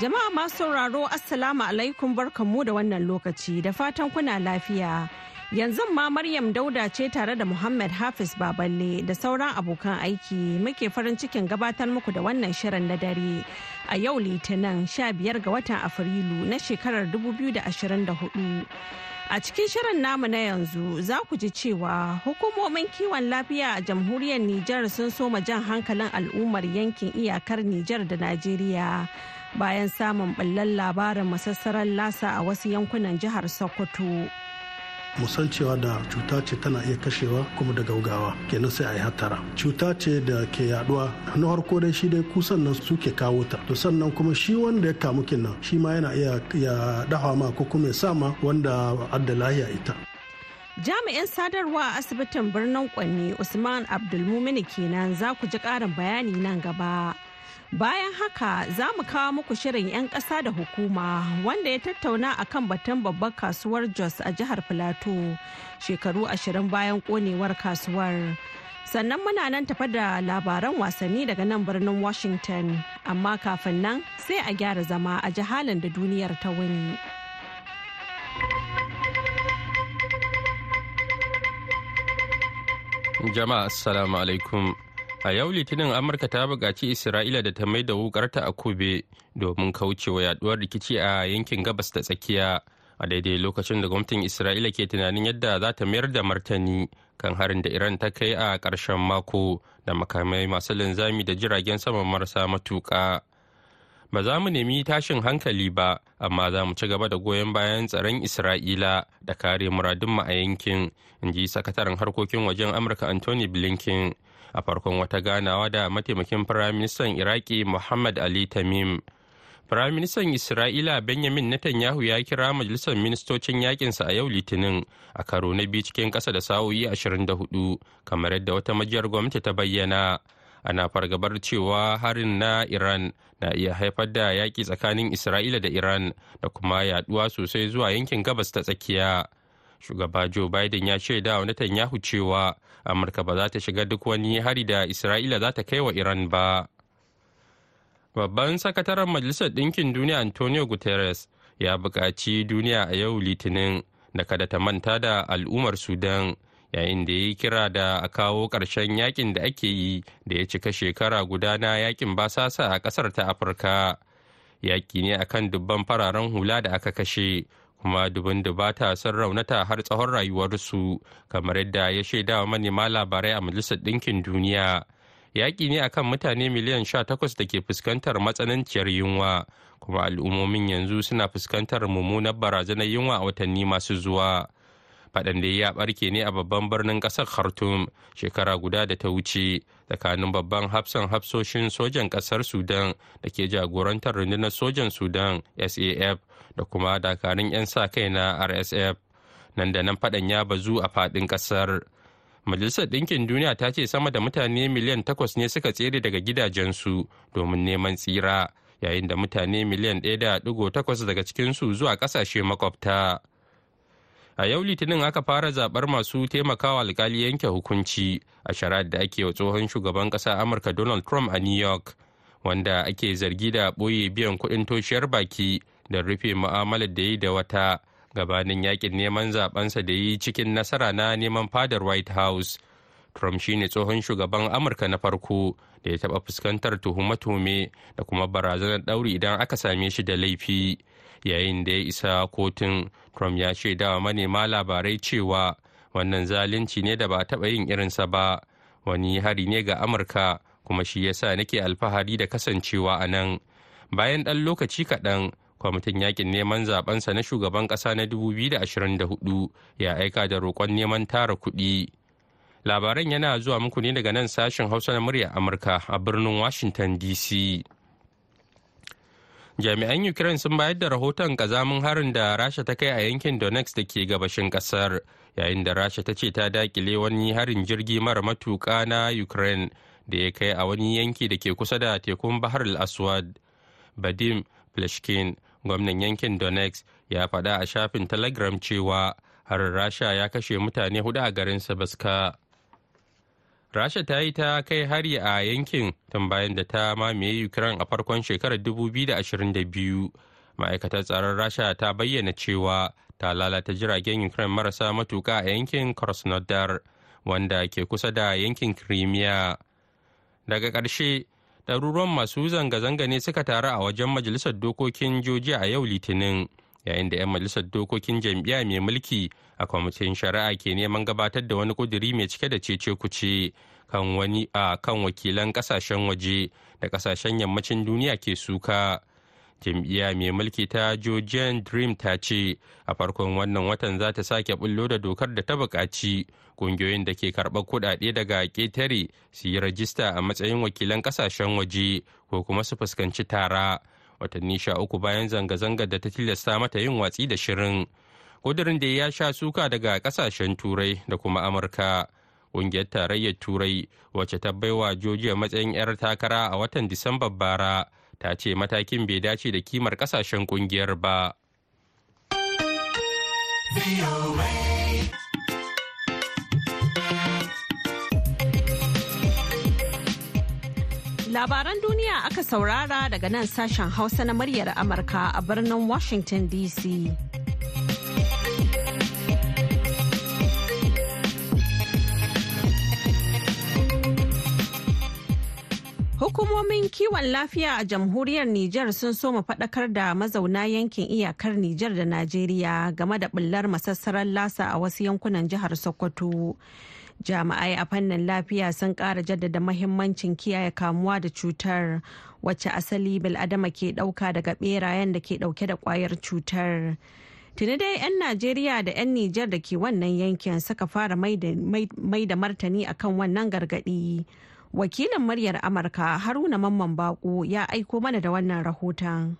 Jama'a masu sauraro Assalamu alaikum barkanmu da wannan lokaci da fatan kuna lafiya. Yanzu ma Maryam Dauda ce tare da Muhammad Hafiz Baballe da sauran abokan aiki muke farin cikin gabatar muku da wannan shirin na dare a yau Litinin 15 ga watan Afrilu na shekarar 2024. A cikin shirin namu na yanzu za ku ji cewa hukumomin kiwon lafiya a jamhuriyar Nijar sun soma jan hankalin al'ummar yankin iyakar Nijar da Najeriya bayan samun ɓallan labarin masassarar lasa a wasu yankunan jihar Sokoto. mu cewa da cuta ce tana iya kashewa kuma da gaugawa kenan sai a yi hatara cuta ce da ke yaduwa na harko dai shi dai kusan nan suke kawo ta to sannan kuma shi wanda ya kamu kenan shi ma yana iya ya dawa ma ko kuma ya sama wanda adda lahiya ita jami'in sadarwa a asibitin birnin kwanne usman abdulmumini kenan za ku ji karin bayani nan gaba Bayan haka za mu kawo muku shirin 'yan ƙasa da hukuma wanda ya tattauna a kan batun babbar kasuwar Jos a jihar Filato shekaru ashirin bayan konewar kasuwar. Sannan muna nan tafa da labaran wasanni daga nan birnin Washington, amma kafin nan sai a gyara zama a jihalin da duniyar ta wuni. Jama'a Assalamu alaikum. a yau litinin amurka ta buƙaci isra'ila da ta mai da wukarta a kube domin kaucewa yaduwar rikici a yankin gabas da tsakiya a daidai lokacin da gwamnatin isra'ila ke tunanin yadda za ta mayar da martani kan harin da iran ta kai a ƙarshen mako da makamai masu linzami da jiragen sama marasa matuƙa ba za mu nemi tashin hankali ba amma za mu ci gaba da goyon bayan tsaron isra'ila da kare muradunmu a yankin in ji sakataren harkokin wajen amurka anthony blinken a farkon wata ganawa da mataimakin firaministan iraki muhammad ali tamim firaministan isra'ila benjamin netanyahu ya kira majalisar ministocin yakinsa a yau litinin a karo na biyu cikin ƙasa da sa'o'i 24 kamar yadda wata majiyar gwamnati ta bayyana ana fargabar cewa harin na iran na iya haifar da yaƙi tsakanin isra'ila da iran da kuma yaduwa sosai zuwa yankin gabas ta tsakiya shugaba joe biden ya wani wa netanyahu cewa amurka ba za ta shiga duk wani hari da isra'ila za ta kai wa iran ba babban sakataren majalisar ɗinkin duniya antonio guterres ya buƙaci duniya a yau litinin da kada ta manta da al'ummar sudan yayin da ya yi kira da a kawo ƙarshen yakin da ake yi da ya cika shekara guda na yakin basasa a ƙasar ta afirka yaƙi ne akan dubban fararen hula da aka kashe kuma dubin ta sun raunata har tsawon rayuwarsu kamar yadda ya shaidawa manema labarai a majalisar ɗinkin duniya yaƙi ne akan mutane miliyan sha-takwas da ke fuskantar matsananciyar yunwa kuma al'ummomin yanzu suna fuskantar mummunan barazanar yunwa a watanni masu zuwa faɗan da ya ɓarke ne a babban birnin ƙasar khartoum shekara guda da ta wuce tsakanin babban hafsan hafsoshin sojan ƙasar sudan da ke jagorantar rundunar sojan sudan saf da kuma dakarun 'yan sa kai na rsf nan da nan faɗan ya bazu a faɗin ƙasar majalisar ɗinkin duniya ta ce sama da mutane miliyan takwas ne suka tsere daga gidajensu domin neman tsira yayin da mutane miliyan ɗaya da ɗigo takwas daga cikinsu zuwa ƙasashe makwabta. a yau litinin aka fara zabar masu taimakawa alkali yanke hukunci a shari'ar da ake wa tsohon shugaban ƙasa amurka donald trump a new york wanda ake zargi da ɓoye biyan kuɗin toshiyar baki da rufe mu'amalar da yi da wata gabanin yakin neman zabensa da yi cikin nasara na neman fadar white house trump shine tsohon shugaban amurka na farko da ya taɓa fuskantar tuhume-tuhume da kuma barazanar ɗauri idan aka same shi da laifi. yayin da ya isa kotun trump ya shaidawa manema labarai cewa wannan zalunci ne da ba taɓa yin irinsa ba wani hari ne ga amurka kuma shi yasa nake alfahari da kasancewa a nan bayan ɗan lokaci kaɗan kwamitin yakin neman zaɓensa na shugaban ƙasa na 2024 ya aika da roƙon neman tara kuɗi labaran yana zuwa muku ne daga nan sashen hausa na murya amurka a birnin washington dc jami'an ukraine sun bayar da rahoton kazamin harin da rasha ta kai a yankin donetsk da ke gabashin kasar yayin da rasha ta ce ta dakile wani harin jirgi mara matuka na ukraine da ya kai a wani yanki da ke kusa da tekun bahar al-aswad badim plashkin gwamnan yankin donetsk ya faɗa a shafin telegram cewa harin rasha ya kashe mutane hudu a garin sabaska rasha ta yi ta kai hari a yankin tun bayan da ta mamaye ukraine a farkon shekarar 2022 ma'aikatar tsaron rasha ta bayyana cewa ta lalata jiragen ukraine marasa matuka a yankin krasnodar wanda ke kusa da yankin crimea daga ƙarshe ɗaruruwan masu zanga-zanga ne suka taru a wajen majalisar dokokin joji a yau litinin yayin da 'yan majalisar dokokin jam'iyya mai mulki a kwamitin shari'a ke neman gabatar da wani kuduri mai cike da cece kuce kan wani a kan wakilan kasashen waje da kasashen yammacin duniya ke suka jam'iyya mai mulki ta georgian dream ta ce a farkon wannan watan za ta sake bullo da dokar da ta buƙaci ƙungiyoyin da ke karɓar kuɗaɗe daga ƙetare su yi rajista a matsayin wakilan ƙasashen waje ko kuma su fuskanci tara watanni sha uku bayan zanga-zangar da ta tilasta mata yin watsi da shirin kudirin da ya sha suka daga kasashen turai da kuma amurka ƙungiyar tarayyar turai wacce ta baiwa georgia matsayin 'yar takara a watan disamba bara ta ce matakin bai dace da kimar kasashen ƙungiyar ba. Labaran duniya aka saurara daga nan sashen Hausa na muryar Amurka a birnin Washington DC. Hukumomin kiwon lafiya a jamhuriyar Nijar sun soma faɗakar da mazauna yankin iyakar Nijar da Najeriya game da ɓullar masassarar lasa a wasu yankunan jihar Sokoto. jami'ai a fannin lafiya sun kara jaddada mahimmancin kiyaye kamuwa da cutar wacce asali bil'adama ke ɗauka daga ɓerayen da ke ɗauke da kwayar cutar tuni dai 'yan najeriya da 'yan nijar da ke wannan yankin suka fara mai da martani akan wannan gargadi? wakilin muryar amurka haruna mamman bako ya aiko mana da wannan rahoton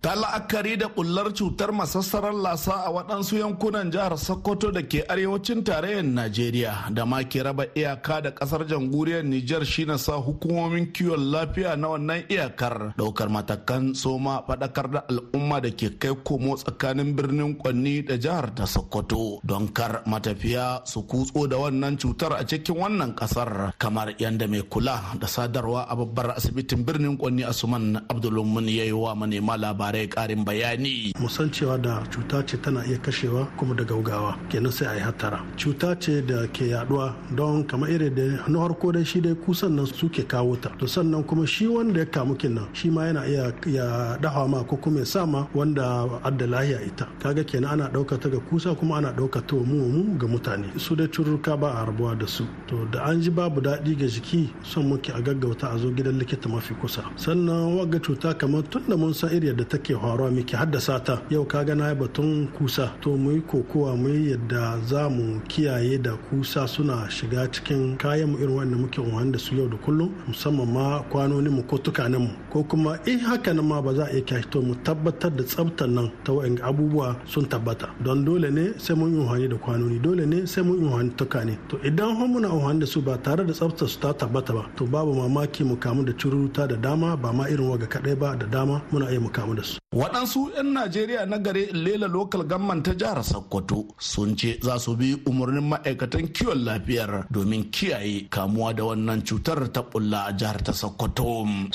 ta la'akari da bullar cutar masassarar lasa a waɗansu yankunan jihar sokoto da ke arewacin tarayyar najeriya da ma ke raba iyaka da ƙasar jamhuriyar nijar shine sa hukumomin kiwon lafiya na wannan iyakar ɗaukar matakan soma faɗakar da al'umma da ke kai komo tsakanin birnin kwanni da jihar ta sokoto don kar matafiya su kutso da wannan cutar a cikin wannan ƙasar kamar yanda mai kula da sadarwa a babbar asibitin birnin kwanni asuman abdulmumin ya yi wa manema labarai labarai karin bayani musan cewa da cuta ce tana iya kashewa kuma da gaugawa kenan sai a yi hatara cuta ce da ke yaduwa don kama irin da na harko dai shi dai kusan nan suke kawo ta to sannan kuma shi wanda ya kamu kenan shi ma yana iya ya dahawa ma ko kuma ya sama wanda adda lahiya ita kaga kenan ana ɗauka ta ga kusa kuma ana ɗauka ta mu mu ga mutane su dai cururruka ba a rabuwa da su to da an ji babu daɗi ga jiki son muke a gaggauta a zo gidan likita mafi kusa sannan wagga cuta kamar tun da mun san iri da ta take faruwa muke haddasa ta yau ka gana batun kusa to mu yi kokowa mu yi yadda za mu kiyaye da kusa suna shiga cikin kayan mu irin wanda muke da su yau da kullum musamman ma kwanonin mu ko tukanen mu ko kuma in haka nan ma ba za a iya to mu tabbatar da tsaftar nan ta wa'in abubuwa sun tabbata don dole ne sai mun yi amfani da kwanoni dole ne sai mun yi ta tuka ne to idan har muna amfani da su ba tare da tsaftar su ta tabbata ba to babu mamaki mu kamu da cururuta da dama ba ma irin waga kadai ba da dama muna iya mu kamu da su waɗansu 'yan najeriya na gare lela lokal gamman ta jihar sokoto sun ce za su bi umarnin ma'aikatan kiwon lafiyar domin kiyaye kamuwa da wannan cutar ta bulla a jihar ta sokoto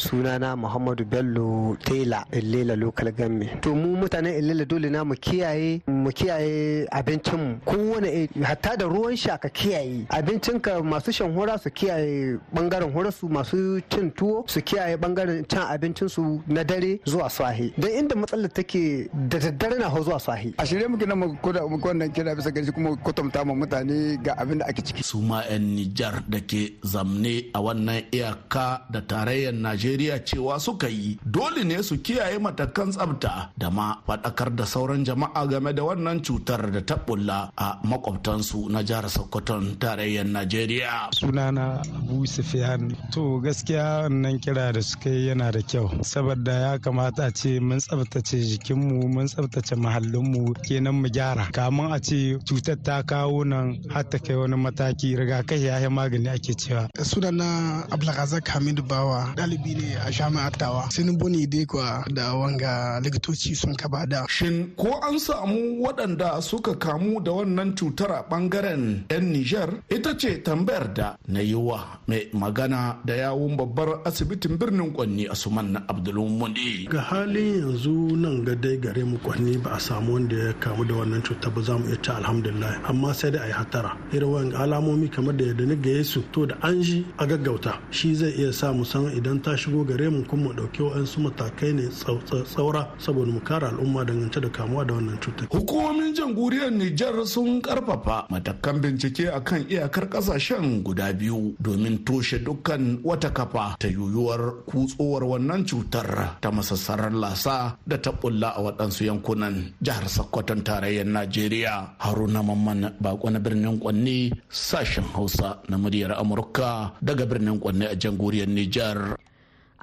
sunana muhammadu bello tela Ilela local gamme to mu mutanen illela dole na mu kiyaye mu kiyaye abincin kowane hatta da ruwan sha ka kiyaye abincin ka masu shan hura su kiyaye bangaren hura su masu cin tuwo su kiyaye bangaren cin abincin su na dare zuwa sahi dan inda matsalar take da daddare na zuwa sahi. a shirye muke na mu wannan kira bisa gaji kuma kwatanta mu mutane ga abin da ake ciki su ma yan Nijar da ke zamne a wannan iyaka da tarayyar Najeriya cewa cewa suka yi dole ne su kiyaye matakan tsabta da ma faɗakar da sauran jama'a game da wannan cutar da ta bulla a makwabtansu na jihar sokoto tarayyar Najeriya. Sunana Abu sufiyan To gaskiya wannan kira da suka yi yana da kyau saboda ya kamata a ce mun tsabtace jikinmu mun tsabtace mu kenan mu gyara kamun a ce cutar ta kawo nan har ta kai wani mataki rigakafi ya magani ake cewa. Sunana Abdulrazak hamidu Bawa ɗalibi ne a shama. na sun buni dai kwa da wanga likitoci sun kaba da shin ko an samu waɗanda suka kamu da wannan cutar a ɓangaren yan niger ita ce tambayar da na yi wa mai magana da yawun babbar asibitin birnin kwanni asuman na abdulmundi ga halin yanzu nan ga dai gare mu kwanni ba a samu wanda ya kamu da wannan cutar ba za mu iya ta alhamdulillah amma sai da a yi hatara irin wani alamomi kamar da yadda ni ga yesu to da an ji a gaggauta shi zai iya sa mu san idan ta shigo gare mu Kun mu ɗauki su matakai ne tsaura saboda mu kare al'umma dangance da kamuwa da wannan cutar. Hukumomin jamhuriyar Nijar sun karfafa matakan bincike akan iyakar ƙasashen guda biyu domin toshe dukkan wata kafa ta yuyuwar kutsowar wannan cutar ta masassarar lasa da ta bulla a waɗansu yankunan jihar Sokoton tarayyar Najeriya. Haruna Mamman Bako na birnin Kwanne sashen Hausa na muryar Amurka daga birnin Kwanne a jamhuriyar Nijar.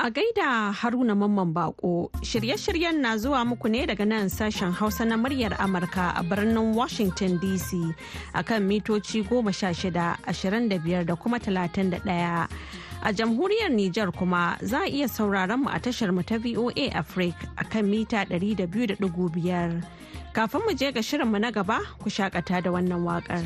A gaida Haruna Mamman Bako, shirye-shiryen na zuwa muku ne daga nan sashen Hausa na muryar Amurka a birnin Washington DC akan mitoci 16, 25 da kuma 31. A jamhuriyar Nijar kuma za a iya sauraron mu a tashar mu ta VOA Africa kan mita 200.5. Kafin mu je ga shirinmu na gaba, ku shakata da wannan waƙar.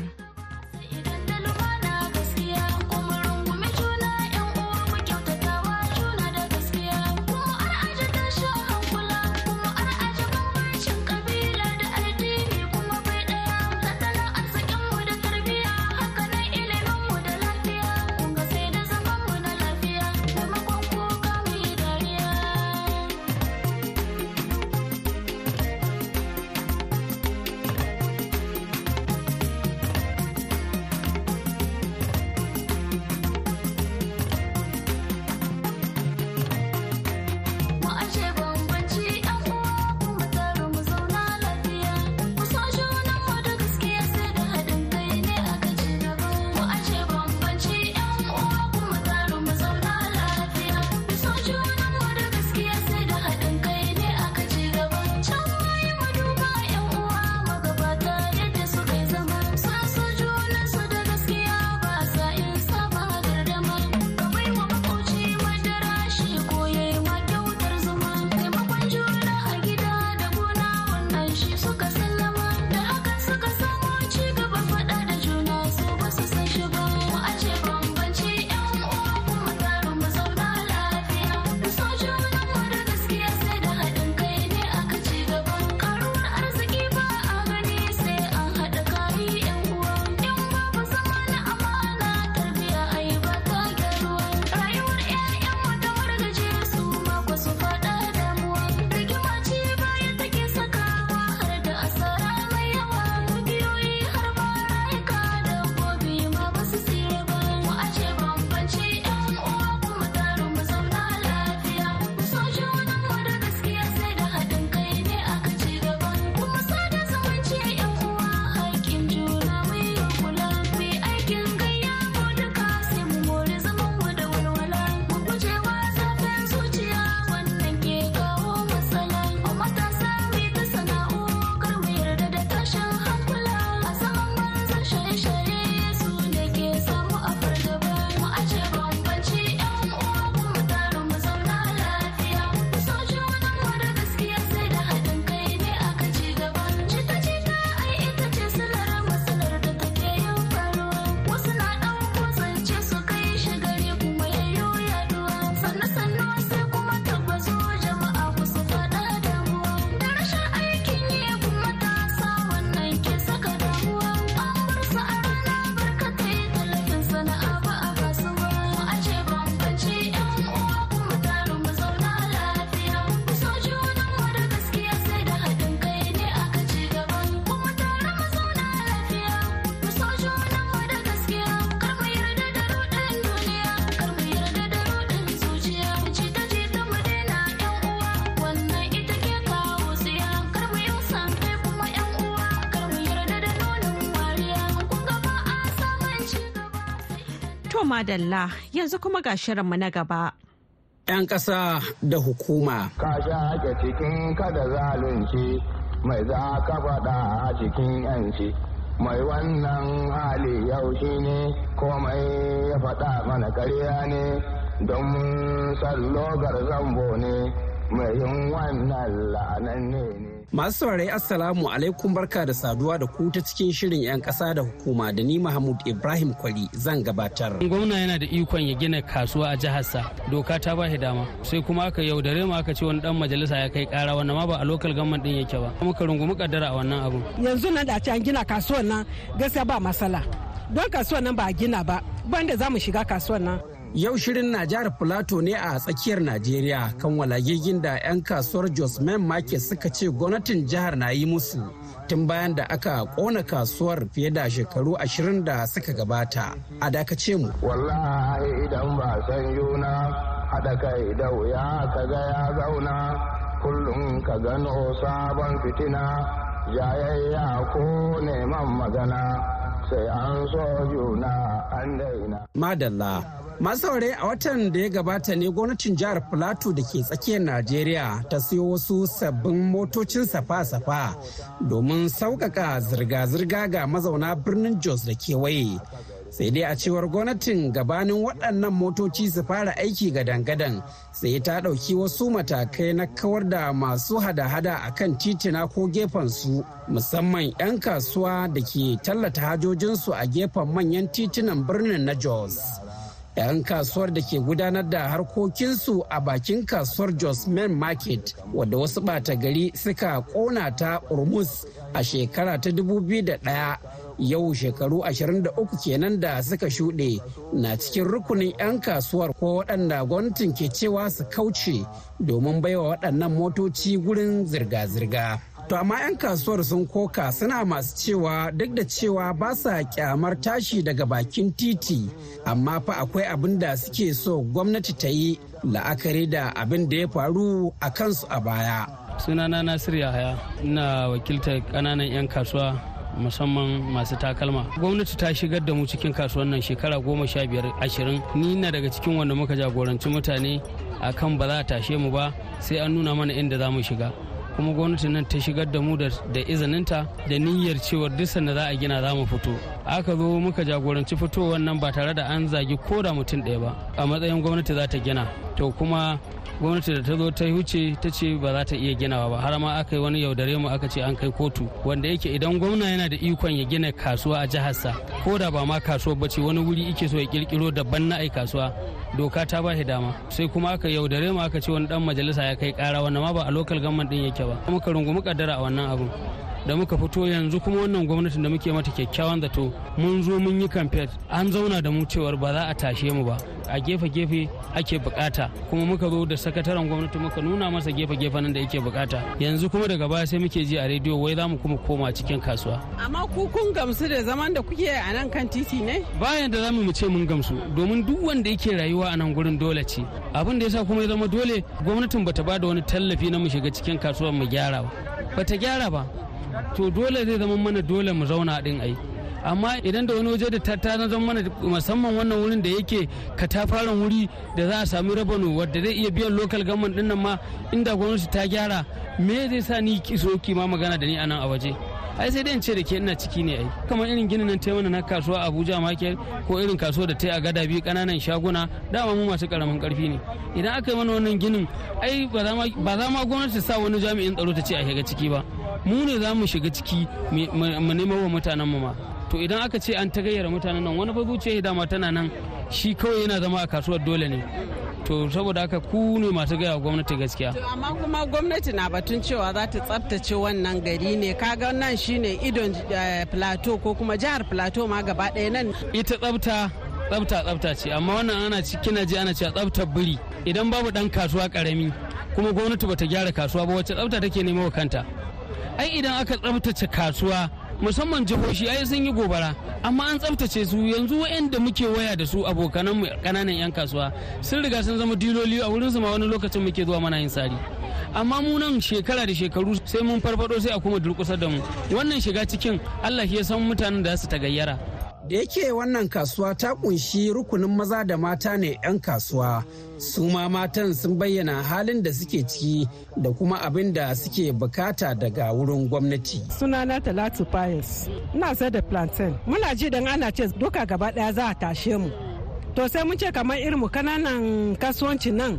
madalla yanzu kuma ga shirinmu na gaba. 'Yan ƙasa da hukuma. Ka sha ake cikin kada zalunci mai za ka faɗa a cikin 'yanci. Mai wannan hali yau shi ne komai ya faɗa mana karya ne don sallogar zambo ne mai yin wannan la'anan ne. Masu saurari Assalamu alaikum barka da saduwa da ku ta cikin shirin 'yan kasa da hukuma da ni Mahmud Ibrahim Kwali zan gabatar. Gwamna yana da ikon ya gina kasuwa a jiharsa doka ta ba dama sai kuma aka yaudare mu aka ce wani dan majalisa ya kai kara wannan ma ba a lokal gamman din yake ba kuma ka rungumi kaddara a wannan abu. Yanzu nan da an gina kasuwan nan gaskiya ba masala don kasuwan nan ba a gina ba banda za mu shiga kasuwar nan. Yau shirin na jihar Plateau ne a tsakiyar Najeriya kan walagigin da 'yan kasuwar Jos Men Market suka ce gwamnatin jihar na yi musu tun bayan da aka kona kasuwar fiye da shekaru ashirin da suka gabata. A dakace mu. Wallahi idan ba san yuna haɗa kai da wuya ka ga ya zauna kullum ka gano sabon fitina yayayya ko neman magana sai an so juna an daina. Madalla. masaurai a watan da ya gabata ne gwamnatin jihar plateau da ke tsakiyar najeriya ta siyo wasu sabbin motocin safa-safa domin sauƙaƙa zirga-zirga ga mazauna birnin jos da kewaye sai dai a cewar gwamnatin gabanin waɗannan motoci su fara aiki ga dangadan sai ta ɗauki wasu matakai na kawar da masu hada-hada a kan titina ko gefensu musamman 'yan kasuwa da ke tallata hajojinsu a gefen manyan titunan birnin na jos 'yan kasuwar da ke gudanar da harkokinsu a bakin kasuwar jos main market wadda wasu bata gari suka kona ta urmus a shekara ta 2001 yau shekaru 23 kenan da suka shuɗe na cikin rukunin 'yan kasuwar ko waɗanda gwamnatin ke cewa su kauce domin baiwa waɗannan motoci gurin zirga-zirga. To amma 'yan kasuwar sun koka suna masu cewa duk da cewa ba sa kyamar tashi daga bakin titi amma fa akwai abin da suke so gwamnati ta yi la'akari da abin da ya faru a kansu a baya. Sunana Nasir Yahaya, ina wakiltar ƙananan 'yan kasuwa musamman masu takalma gwamnati ta shigar da mu cikin kasuwan nan shekara goma sha biyar ashirin ni na daga cikin wanda muka jagoranci mutane akan ba za a tashe mu ba sai an nuna mana inda za mu shiga kuma gwamnatin nan ta shigar da mu da izininta da niyyar cewar duk sanda za a gina za mu fito aka zo muka jagoranci fitowar nan ba tare da an zagi ko da mutum ɗaya ba a matsayin gwamnati za ta gina to kuma gwamnati da ta zo ta wuce ta ce ba za ta iya ginawa ba har ma aka yi wani yaudare mu aka ce an kai kotu wanda yake idan gwamna yana da ikon ya gina kasuwa a jiharsa ko da ba ma kasuwa ba ce wani wuri ike so ya kirkiro daban na ai kasuwa doka ta ba shi dama sai kuma aka yaudare mu aka ce wani dan majalisa ya kai kara wannan ma ba a lokal government din yake ba muka rungumi kaddara a wannan abun da muka fito yanzu kuma wannan gwamnatin da muke mata kyakkyawan zato mun zo mun yi kamfet an zauna da mu cewar ba za a tashe mu ba a gefe-gefe ake bukata kuma muka zo da sakataren gwamnati muka nuna masa gefe-gefe nan da yake bukata yanzu kuma daga baya sai muke ji a rediyo wai za mu kuma koma cikin kasuwa amma ku kun gamsu da zaman da kuke a nan kan titi ne bayan da zamu mu ce mun gamsu domin duk wanda yake rayuwa a nan gurin dole ce abin da yasa kuma ya zama dole gwamnatin bata ba da wani tallafi na mu shiga cikin kasuwar mu gyara ba bata gyara ba to dole zai zama mana dole mu zauna din ai amma idan da wani waje da tattara zama mana musamman wannan wurin da yake katafaren wuri da za a sami rabano wadda zai iya biyan lokal government din nan ma inda gwamnati ta gyara me zai sa ni so ki ma magana da ni anan a waje ai sai dai in ce da ke ina ciki ne ai kamar irin ginin nan taimana na kasuwa Abuja Market ko irin kasuwa da ta a gada biyu kananan shaguna dama mu masu karamin karfi ne idan aka yi mana wannan ginin ai ba za ma gwamnati sa wani jami'in tsaro ta ce a shiga ciki ba mu ne za mu shiga ciki mu nemo wa mutanen mu ma to idan aka ce an ta gayyara mutanen nan wani ce dama tana nan shi kawai yana zama a kasuwar dole ne to saboda haka ku ne masu gaya gwamnati gaskiya to amma kuma gwamnati na batun cewa za ta tsabtace wannan gari ne kaga nan shine idon eh, plateau ko kuma jihar plateau ma gaba ɗaya nan ita tsabta tsabta tsabta ce amma wannan ana kina ji ana cewa tsabtar biri idan babu dan kasuwa karami kuma gwamnati bata gyara kasuwa ba wacce tsabta take nema wa kanta ai idan aka tsabtace kasuwa musamman jihohi ai sun yi gobara amma an tsabtace su yanzu waɗanda muke waya da su abokanan kananan yan kasuwa sun riga sun zama diloli a wurin su ma wani lokacin muke zuwa mana yin sari amma mu nan shekara da shekaru sai mun farfado sai a kuma durkusar da mu wannan shiga cikin Allah ya san mutanen da su ta gayyara da yake wannan kasuwa ta kunshi rukunin maza da mata ne 'yan kasuwa su ma matan sun bayyana halin da suke ciki da kuma abin da suke bukata daga wurin gwamnati sunana talatu payes na sai da plantain muna ji dan ana ce duka gaba daya za a tashe mu to sai mun ce kamar irin mu kananan kasuwanci nan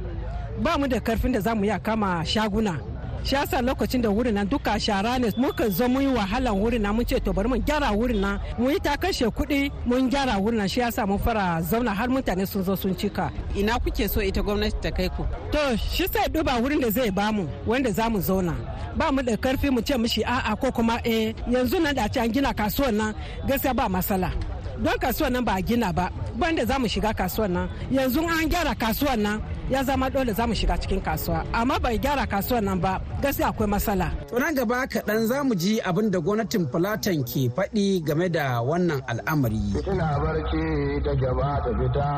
ba mu da karfin da za mu iya kama shaguna shi lokacin da wurin nan duka shara ne muka zo mun yi wahalan wurin nan mun ce to bari mun gyara wurin nan mun yi ta kashe kuɗi mun gyara wurin nan shi yasa mun fara zauna har mutane sun zo sun cika ina kuke so ita gwamnati ta kai ku to shi sai duba wurin da zai bamu wanda za mu zauna ba mu da karfi mu ce mishi a'a ko kuma eh yanzu nan da ce an gina kasuwar nan gaskiya ba masala don kasuwar nan ba gina ba banda za mu shiga kasuwar nan yanzu an gyara kasuwan nan ya zama dole zamu shiga cikin kasuwa amma bai gyara kasuwar nan ba gaskiya akwai matsala. to nan gaba kaɗan za mu ji abin da gwamnatin platan ke faɗi game da wannan al'amari. ina barci ta gaba ta fita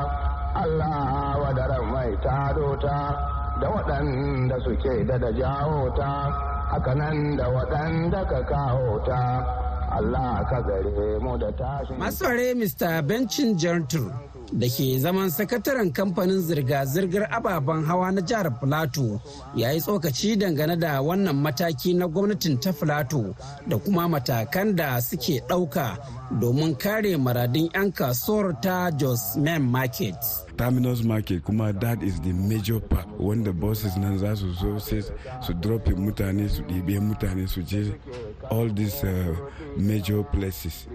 Allah da mai ta da waɗanda suke da da jawo ta hakanan da waɗanda ka kawo ta Allah ka gare mu da tashin. Masu Mr. Benchin Gentle da ke zaman sakataren kamfanin zirga-zirgar ababen hawa na jihar filato ya yi tsokaci dangane da wannan mataki na gwamnatin ta filato da kuma matakan da suke ɗauka domin kare maradin 'yan kasuwar ta jos main market. terminus market kuma that is the major part wanda buses nan za su zo sai su dropping mutane su ɗibe mutane su je all these uh, major places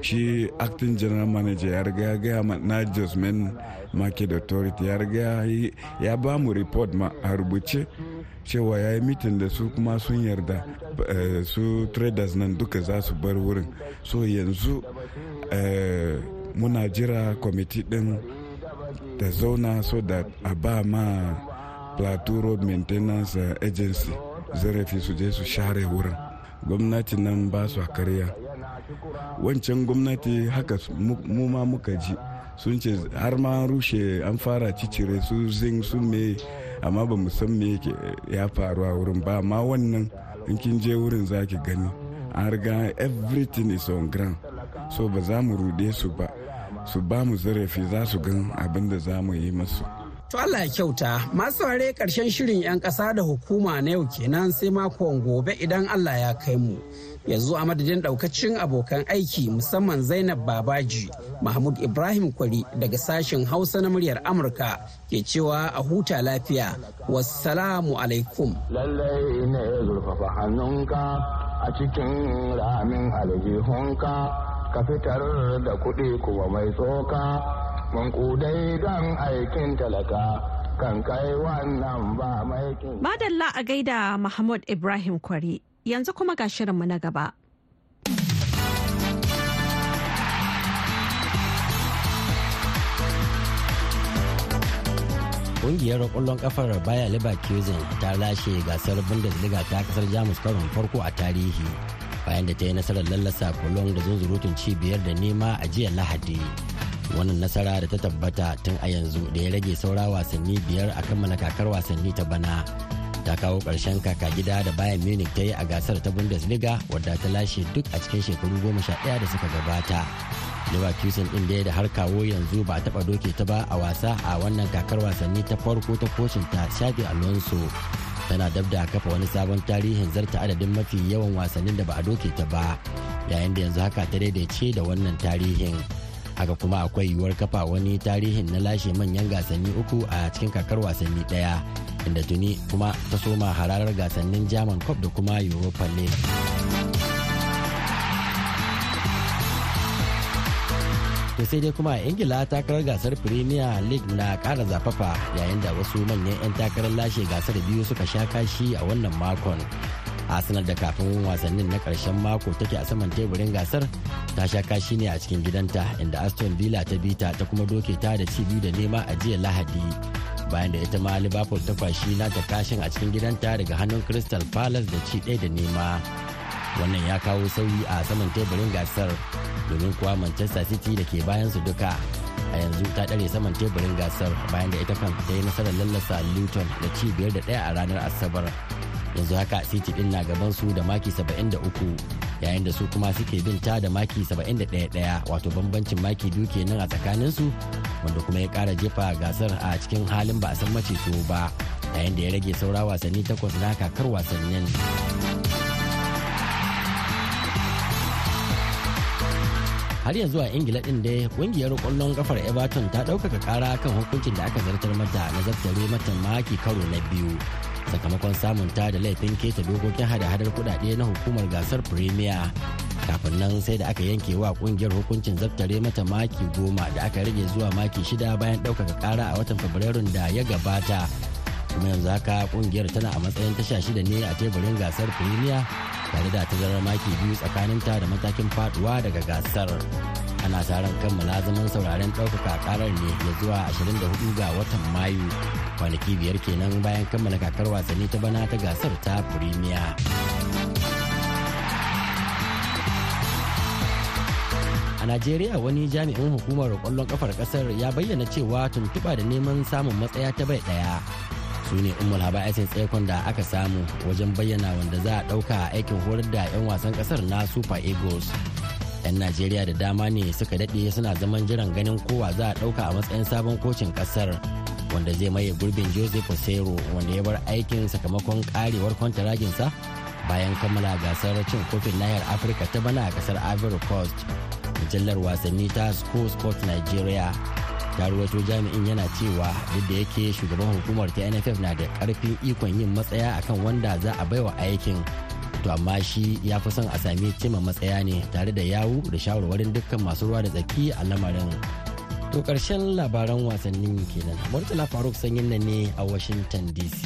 shi acting general manager ya riga ya gaya na judgment market authority ya riga ya ba mu report ma a rubuce cewa ya yi mitin da su kuma sun yarda eh, su traders nan duka za su bar wurin so yanzu eh, muna jira kwamiti din ta zauna so da a ba ma plateau road maintenance uh, agency zarafi su je su share wurin gwamnati nan ba su karya wancan gwamnati haka mu ma muka ji sun ce har ma rushe an fara cicire su zin su me amma ba mu san me ya faru a wurin ba ma wannan in kin je wurin za ki gani an riga everything is on ground so ba za mu rude su ba su ba mu zarafi za su gan abin da za mu yi masu To Allah ya kyauta, masu ware karshen shirin 'yan kasa da hukuma na yau kenan sai makon gobe idan Allah ya kai mu. Yanzu a madadin ɗaukacin abokan aiki musamman Zainab Babaji, Mahmud Ibrahim Kwari daga sashen Hausa na muryar Amurka ke cewa a huta lafiya. Wassalamu alaikum. Lallai ne zurfafa hannunka a cikin ramin aljihunka. ka fitar da kuɗi kuma mai tsoka mankudai don aikin talaka kan kai wannan ba mai madalla a gaida mahmud ibrahim kwari yanzu kuma ga shirinmu na gaba ƙungiyar kwallon kafar baya leverkusen ta lashe gasar bundesliga ta kasar jamus karon farko a tarihi bayan da ta yi nasarar lallasa Cologne da zunzurutun ci biyar da nema a jiya Lahadi. Wannan nasara da ta tabbata tun a yanzu da ya rage saura wasanni biyar a kammala kakar wasanni ta bana. Ta kawo ƙarshen kaka gida da bayan Munich ta yi a gasar ta Bundesliga wadda ta lashe duk a cikin shekaru goma sha ɗaya da suka gabata. Leverkusen din da da har kawo yanzu ba a taba doke ta ba a wasa a wannan kakar wasanni ta farko ta kocin ta shafi Alonso tana dab da kafa wani sabon tarihin zarta adadin mafi yawan wasannin da ba a doke ta ba yayin da yanzu haka ta daidaice da wannan tarihin haka kuma akwai yiwuwar kafa wani tarihin na lashe manyan gasanni uku a cikin kakar wasanni daya inda tuni kuma ta soma hararar gasannin german cup da kuma europa league to sai dai kuma a ingila takarar gasar premier league na kara zafafa yayin da wasu manyan 'yan takarar lashe gasar biyu suka sha kashi a wannan makon arsenal da kafin wasannin na karshen mako take a saman teburin gasar ta sha kashi ne a cikin gidanta inda aston villa ta bita ta kuma doke ta da ci biyu da nema a jiya lahadi bayan da ita ma liverpool ta kwashi ta kashin a cikin gidanta daga hannun crystal palace da ci ɗaya da nema wannan ya kawo sauyi a saman teburin gasar domin kuwa manchester city da ke bayan su duka a yanzu ta ɗare saman teburin gasar bayan da ita kan ta yi nasarar lallasa luton da ci biyar da ɗaya a ranar asabar yanzu haka city din na gaban su da maki 73 yayin da su kuma suke bin ta da maki 71 wato bambancin maki biyu nan a tsakanin su wanda kuma ya kara jefa gasar a cikin halin ba a san mace ba yayin da ya rage saura wasanni takwas na kakar wasannin. har yanzu a ingila din dai kungiyar kwallon kafar everton ta ɗaukaka kara kan hukuncin da aka zartar mata na zartare mata maki karo na biyu sakamakon samun ta da laifin keta dokokin hada-hadar kudade na hukumar gasar premier kafin nan sai da aka yanke wa kungiyar hukuncin zaftare mata maki goma da aka rage zuwa maki shida bayan ɗaukaka kara a watan fabrairun da ya gabata kuma yanzu haka kungiyar tana a matsayin tasha shida ne a teburin gasar premier tare da tazarar maki biyu tsakaninta da matakin faduwa daga gasar ana sa ran kammala zaman sauraren ɗaukaka karar ne ya zuwa 24 ga watan mayu kwanaki biyar kenan bayan kammala kakar wasanni ta bana ta gasar ta firimiya a najeriya wani jami'in hukumar kwallon kafar kasar ya bayyana cewa tuntuɓa da neman samun matsaya ta bai ɗaya su ne ummul habaisin tsaikon da aka samu wajen bayyana wanda za a ɗauka a aikin horar da 'yan wasan ƙasar na super eagles 'yan najeriya da dama ne suka daɗe suna zaman jiran ganin kowa za a ɗauka a matsayin sabon kocin ƙasar wanda zai maye gurbin joseph posero wanda ya bar aikin sakamakon karewar kwantaraginsa bayan kammala gasar cin kofin nahiyar afirka ta bana a ƙasar ivory coast mujallar wasanni ta school sports nigeria ya ruwaito jami'in yana cewa duk da yake shugaban hukumar ta nff na da karfin ikon yin matsaya akan wanda za a baiwa aikin to amma shi ya fi son a sami cima matsaya ne tare da yawu da shawarwarin dukkan masu ruwa da tsaki a lamarin to karshen labaran wasannin kenan murtala faruk sanyin nan ne a washington dc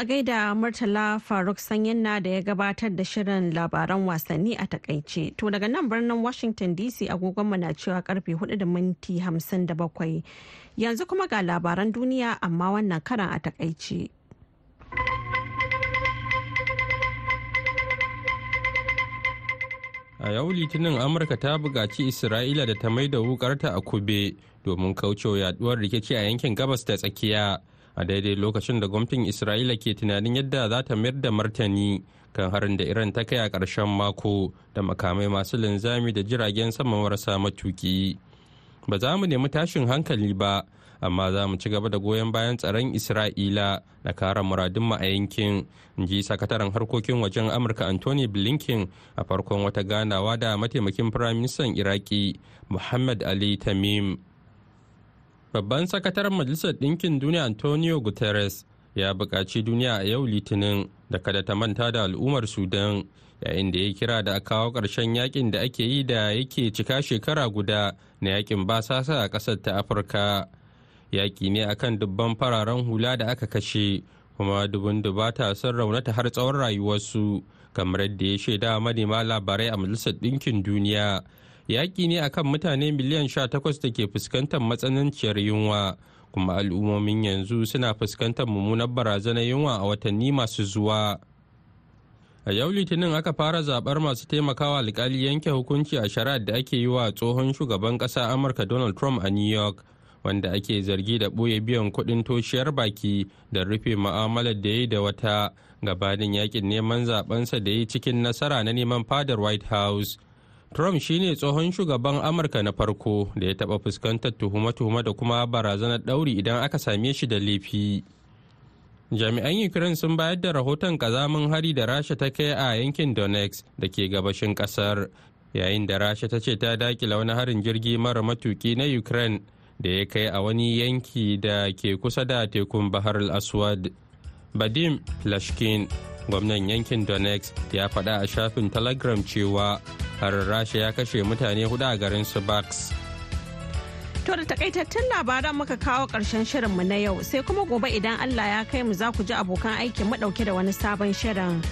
a gaida Murtala Faruk Sanyin na da ya gabatar da shirin labaran wasanni a takaice. To daga nan birnin Washington DC agogonmu na cewa karfe 4 da minti 57. Yanzu kuma ga labaran duniya amma wannan karan a takaice. A yau Litinin Amurka ta buƙaci Isra'ila da ta maida wukarta a kube domin kaucewa yaduwar rikici a yankin gabas da tsakiya a daidai lokacin da gwamnatin isra'ila ke tunanin yadda za ta mayar da martani kan harin da iran ta kai a ƙarshen mako da makamai masu linzami da jiragen sama marasa matuki ba za mu nemi tashin hankali ba amma za mu ci gaba da goyon bayan tsaron isra'ila na kara muradun mu a yankin in ji sakataren harkokin wajen amurka anthony blinken a farkon wata ganawa da mataimakin firaministan iraki muhammad ali tamim Babban sakataren Majalisar Ɗinkin Duniya Antonio Guterres ya buƙaci duniya a yau Litinin da kada ta manta da al'ummar Sudan yayin da ya kira da a kawo ƙarshen yakin da ake yi da yake cika shekara guda na yakin basasa a ƙasar ta Afirka. Yaƙi ne akan dubban fararen hula da aka kashe kuma dubun dubata sun raunata har tsawon rayuwarsu kamar yadda ya shaida manema labarai a Majalisar Ɗinkin Duniya yaƙi ne akan mutane miliyan sha-takwas da ke fuskantar matsananciyar yunwa kuma al'ummomin yanzu suna fuskantar mummunar barazanar yunwa a watanni masu zuwa a yau litinin aka fara zaɓar masu taimakawa alkali yanke hukunci a shari'ar da ake yi wa tsohon shugaban ƙasa amurka donald trump a new york wanda ake zargi da ɓoye biyan kuɗin toshiyar baki da rufe ma'amalar da ya yi da wata gabanin yakin neman zaɓensa da ya yi cikin nasara na neman fadar white house Trump shi ne tsohon shugaban Amurka na farko da ya taɓa fuskantar tuhuma-tuhuma da kuma barazanar ɗauri idan aka same shi da laifi. Jami'an Ukraine sun bayar da rahoton kazamin hari da Rasha ta kai a yankin Donetsk da ke gabashin ƙasar, yayin da Rasha ta ce ta dakila wani harin jirgi mara matuki na Ukraine da ya kai a wani yanki da ke kusa da tekun Bahar al-Aswad. Badim Lashkin gwamnan yankin donetsk ya faɗa a shafin telegram cewa harin rasha ya kashe mutane hudu a garin su baks. to da takaitattun labaran muka kawo karshen mu na yau sai kuma gobe idan allah ya kai mu za ku ji abokan aikin mu dauke da wani sabon shirin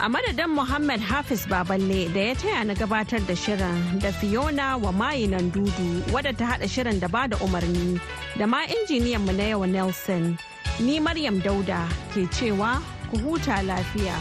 a madadin muhammad hafiz baballe da ya taya na gabatar da shirin da fiona wa mayinan dudu wadda ta hada shirin da ba da umarni da ma injiniyan mu na yau nelson ni maryam dauda ke cewa Ku huta lafiya.